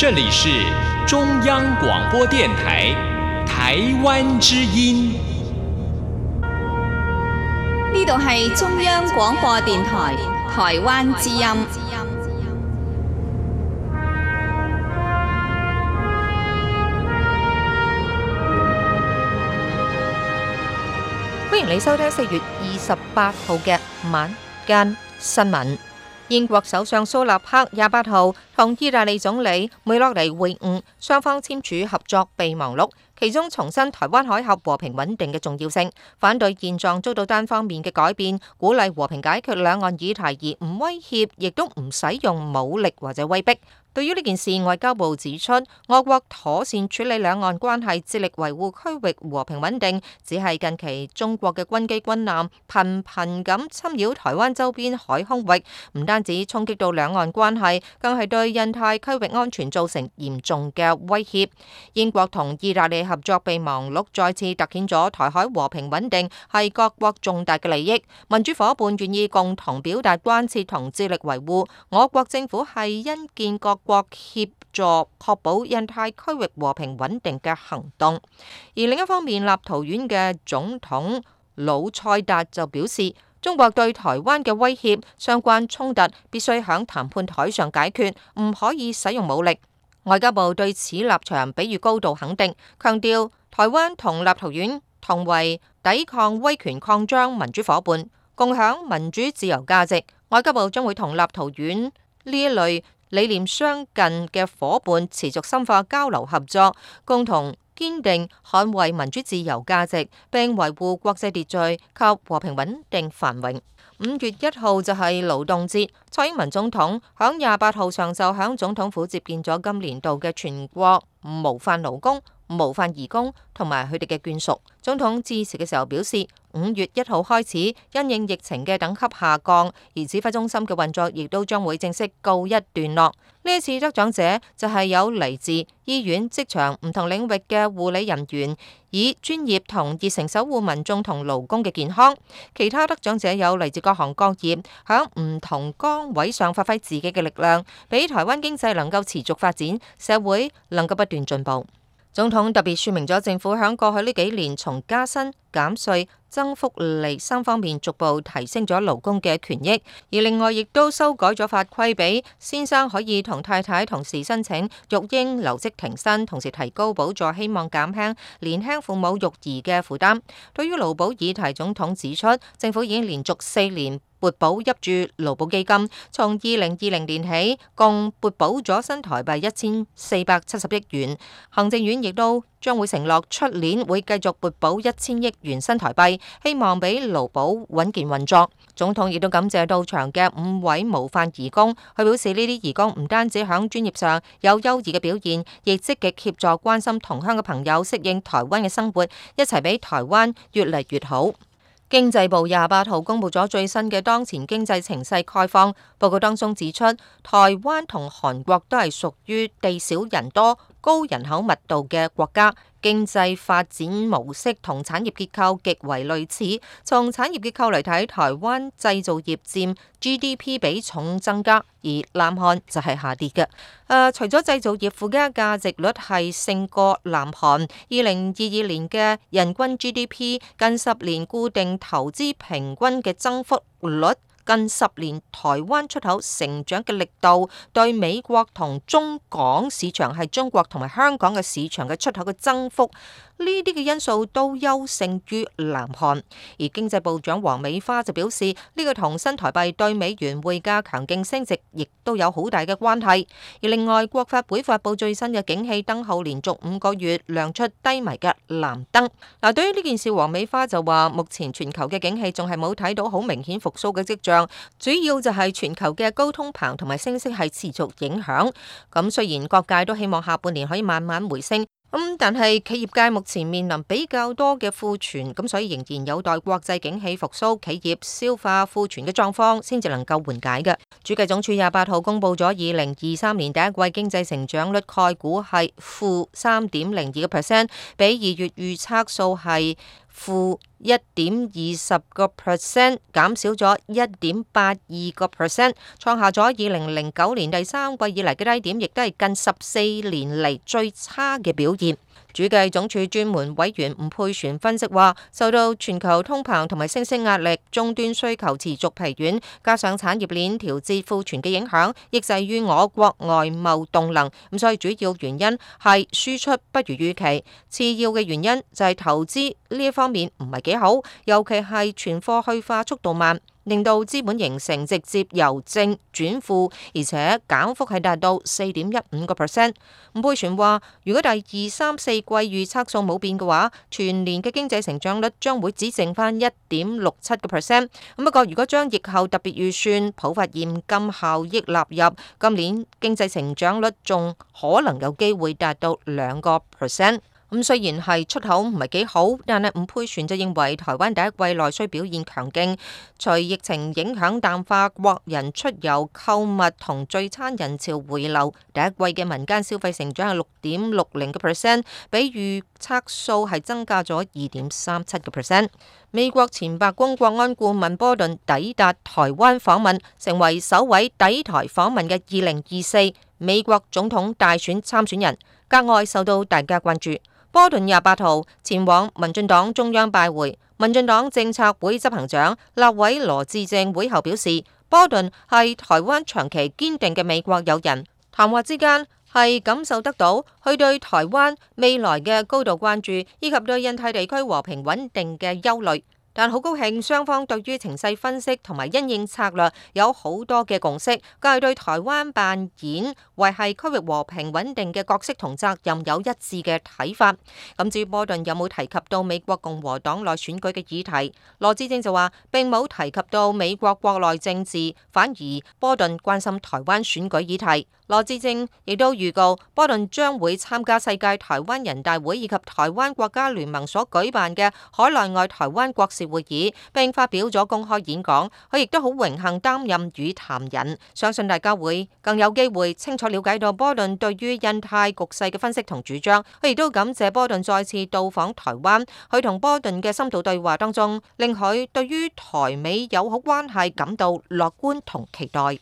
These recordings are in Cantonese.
這裏是中央廣播電台台灣之音。呢度係中央廣播電台台灣之音。歡迎你收聽四月二十八號嘅晚間新聞。英國首相蘇納克廿八號，同意大利總理梅洛尼會晤，雙方簽署合作備忘錄，其中重申台灣海峽和平穩定嘅重要性，反對現狀遭到單方面嘅改變，鼓勵和平解決兩岸議題，而唔威脅，亦都唔使用，用武力或者威逼。對於呢件事，外交部指出，我國妥善處理兩岸關係，致力維護區域和平穩定。只係近期中國嘅軍機軍艦頻頻咁侵擾台灣周邊海空域，唔單止衝擊到兩岸關係，更係對。印太區域安全造成嚴重嘅威脅，英國同意大利合作備忘錄，再次突顯咗台海和平穩定係各國重大嘅利益，民主伙伴願意共同表達關切同致力維護。我國政府係因見各國協助確保印太區域和平穩定嘅行動。而另一方面，立陶宛嘅總統魯塞達就表示。中國對台灣嘅威脅，相關衝突必須喺談判桌上解決，唔可以使用武力。外交部對此立場給予高度肯定，強調台灣同立陶宛同為抵抗威權擴張民主伙伴，共享民主自由價值。外交部將會同立陶宛呢一類理念相近嘅伙伴持續深化交流合作，共同堅定捍衛民主自由價值，並維護國際秩序及和平穩定繁榮。五月一號就係勞動節，蔡英文總統響廿八號上晝響總統府接見咗今年度嘅全國模範勞工。模範移工同埋佢哋嘅眷屬，總統致辭嘅時候表示，五月一號開始，因應疫情嘅等級下降，而指揮中心嘅運作亦都將會正式告一段落。呢一次得獎者就係有嚟自醫院、職場唔同領域嘅護理人員，以專業同熱誠守護民眾同勞工嘅健康。其他得獎者有嚟自各行各業，響唔同崗位上發揮自己嘅力量，俾台灣經濟能夠持續發展，社會能夠不斷進步。總統特別說明咗，政府喺過去呢幾年，從加薪、減稅、增福利三方面逐步提升咗勞工嘅權益，而另外亦都修改咗法規，俾先生可以同太太同時申請育嬰留職停薪，同時提高補助，希望減輕年輕父母育兒嘅負擔。對於勞保議題，總統指出，政府已經連續四年，撥補挹注勞保基金，從二零二零年起共撥補咗新台幣一千四百七十億元。行政院亦都將會承諾，出年會繼續撥補一千億元新台幣，希望俾勞保穩健運作。總統亦都感謝到場嘅五位模範移工，佢表示呢啲移工唔單止喺專業上有優異嘅表現，亦積極協助關心同鄉嘅朋友適應台灣嘅生活，一齊俾台灣越嚟越好。經濟部廿八號公布咗最新嘅當前經濟情勢概況報告，當中指出，台灣同韓國都係屬於地少人多、高人口密度嘅國家。經濟發展模式同產業結構極為類似，從產業結構嚟睇，台灣製造業佔 GDP 比重增加，而南韓就係下跌嘅。呃，除咗製造業附加價值率係勝過南韓，二零二二年嘅人均 GDP 近十年固定投資平均嘅增幅率。近十年台灣出口成長嘅力度，對美國同中港市場係中國同埋香港嘅市場嘅出口嘅增幅，呢啲嘅因素都優勝於南韓。而經濟部長王美花就表示，呢、這個同新台幣對美元會加強勁升值，亦都有好大嘅關係。而另外，國發會發布最新嘅景氣燈號，連續五個月亮出低迷嘅藍燈。嗱，對於呢件事，王美花就話：目前全球嘅景氣仲係冇睇到好明顯復甦嘅跡象。主要就係全球嘅高通膨同埋升息係持續影響，咁雖然各界都希望下半年可以慢慢回升，咁但係企業界目前面臨比較多嘅庫存，咁所以仍然有待國際景氣復甦，企業消化庫存嘅狀況先至能夠緩解嘅。主計總署廿八號公布咗二零二三年第一季經濟成長率概估係負三點零二個 percent，比二月預測數係，負一點二十個 percent，減少咗一點八二個 percent，創下咗二零零九年第三季以嚟嘅低點，亦都係近十四年嚟最差嘅表現。主計總處專門委員吳佩璇分析話，受到全球通膨同埋升息壓力，終端需求持續疲軟，加上產業鏈調節庫存嘅影響，抑制於我國外貿動能。咁所以主要原因係輸出不如預期，次要嘅原因就係投資。呢一方面唔係幾好，尤其係存貨去化速度慢，令到資本形成直接由正轉負，而且減幅係達到四點一五個 percent。吳佩璇話，如果第二三四季預測數冇變嘅話，全年嘅經濟成長率將會只剩翻一點六七個 percent。咁不過如果將疫後特別預算普發現金效益納入，今年經濟成長率仲可能有機會達到兩個 percent。咁雖然係出口唔係幾好，但係伍佩璇就認為台灣第一季內需表現強勁，隨疫情影響淡化，國人出遊、購物同聚餐人潮回流，第一季嘅民間消費成長係六點六零個 percent，比預測數係增加咗二點三七個 percent。美國前白宮國安顧問波頓抵達台灣訪問，成為首位抵台訪問嘅二零二四美國總統大選參選人，格外受到大家關注。波頓廿八號前往民進黨中央拜會，民進黨政策會執行長立委羅致政會後表示，波頓係台灣長期堅定嘅美國友人，談話之間係感受得到佢對台灣未來嘅高度關注，以及對印太地區和平穩定嘅憂慮。但好高興，雙方對於情勢分析同埋因應策略有好多嘅共識，更係對台灣扮演維繫區域和平穩定嘅角色同責任有一致嘅睇法。咁至於波頓有冇提及到美國共和黨內選舉嘅議題？羅志正就話並冇提及到美國國內政治，反而波頓關心台灣選舉議題。羅致政亦都預告，波頓將會參加世界台灣人大會以及台灣國家聯盟所舉辦嘅海內外台灣國事會議，並發表咗公開演講。佢亦都好榮幸擔任與談人，相信大家會更有機會清楚了解到波頓對於印太局勢嘅分析同主張。佢亦都感謝波頓再次到訪台灣，佢同波頓嘅深度對話當中，令佢對於台美友好關係感到樂觀同期待。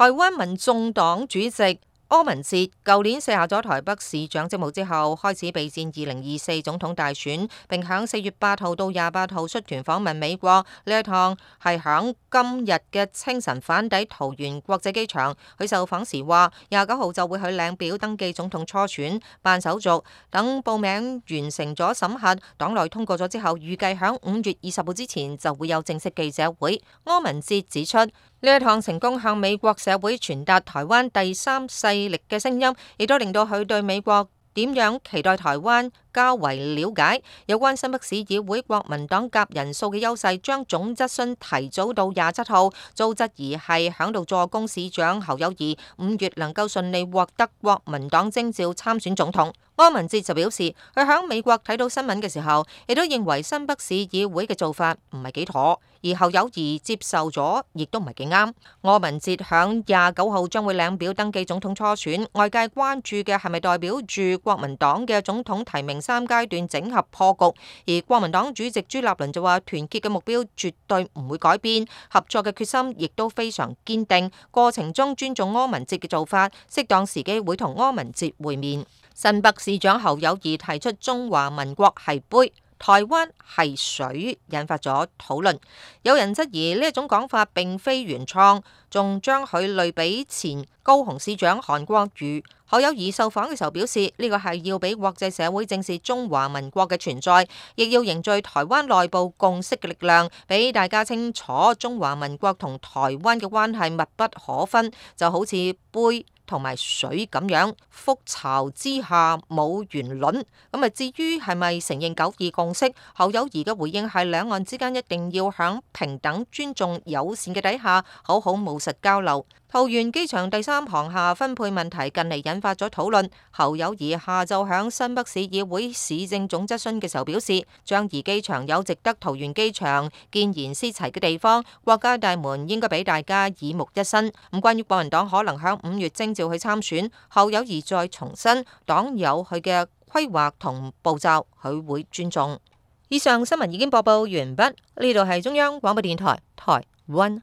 台灣民眾黨主席柯文哲，舊年卸下咗台北市長職務之後，開始備戰二零二四總統大選，並喺四月八號到廿八號出團訪問美國。呢一趟係響今日嘅清晨返抵桃園國際機場。佢受訪時話：廿九號就會去領表登記總統初選辦手續，等報名完成咗審核、黨內通過咗之後，預計響五月二十號之前就會有正式記者會。柯文哲指出，呢一趟成功向美國社會傳達台灣第三勢力嘅聲音，亦都令到佢對美國點樣期待台灣較為了解。有關新北市議會國民黨夾人數嘅優勢，將總質詢提早到廿七號。遭質疑係響度助攻市長侯友宜，五月能夠順利獲得國民黨徵召參選總統。柯文哲就表示，佢響美國睇到新聞嘅時候，亦都認為新北市議會嘅做法唔係幾妥。而侯友宜接受咗，亦都唔係幾啱。柯文哲響廿九號將會領表登記總統初選，外界關注嘅係咪代表住國民黨嘅總統提名三階段整合破局？而國民黨主席朱立倫就話團結嘅目標絕對唔會改變，合作嘅決心亦都非常堅定。過程中尊重柯文哲嘅做法，適當時機會同柯文哲會面。新北市長侯友宜提出中華民國係杯。台灣係水，引發咗討論。有人質疑呢一種講法並非原創，仲將佢類比前高雄市長韓國瑜。侯友宜受訪嘅時候表示：呢個係要俾國際社會正視中華民國嘅存在，亦要凝聚台灣內部共識嘅力量，俾大家清楚中華民國同台灣嘅關係密不可分，就好似杯。同埋杯水咁樣，覆巢之下冇完卵，咁啊至於係咪承認九二共識？侯友宜嘅回應係兩岸之間一定要喺平等、尊重、友善嘅底下，好好務實交流。桃園機場第三航廈分配問題近嚟引發咗討論。侯友宜下晝響新北市議會市政總質詢嘅時候表示，樟宜機場有值得桃園機場見賢思齊嘅地方，國家大門應該俾大家耳目一新。咁關於國民黨可能響五月徵召去參選，侯友宜再重申黨有佢嘅規劃同步驟，佢會尊重。以上新聞已經播報完畢，呢度係中央廣播電台台灣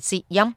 之音。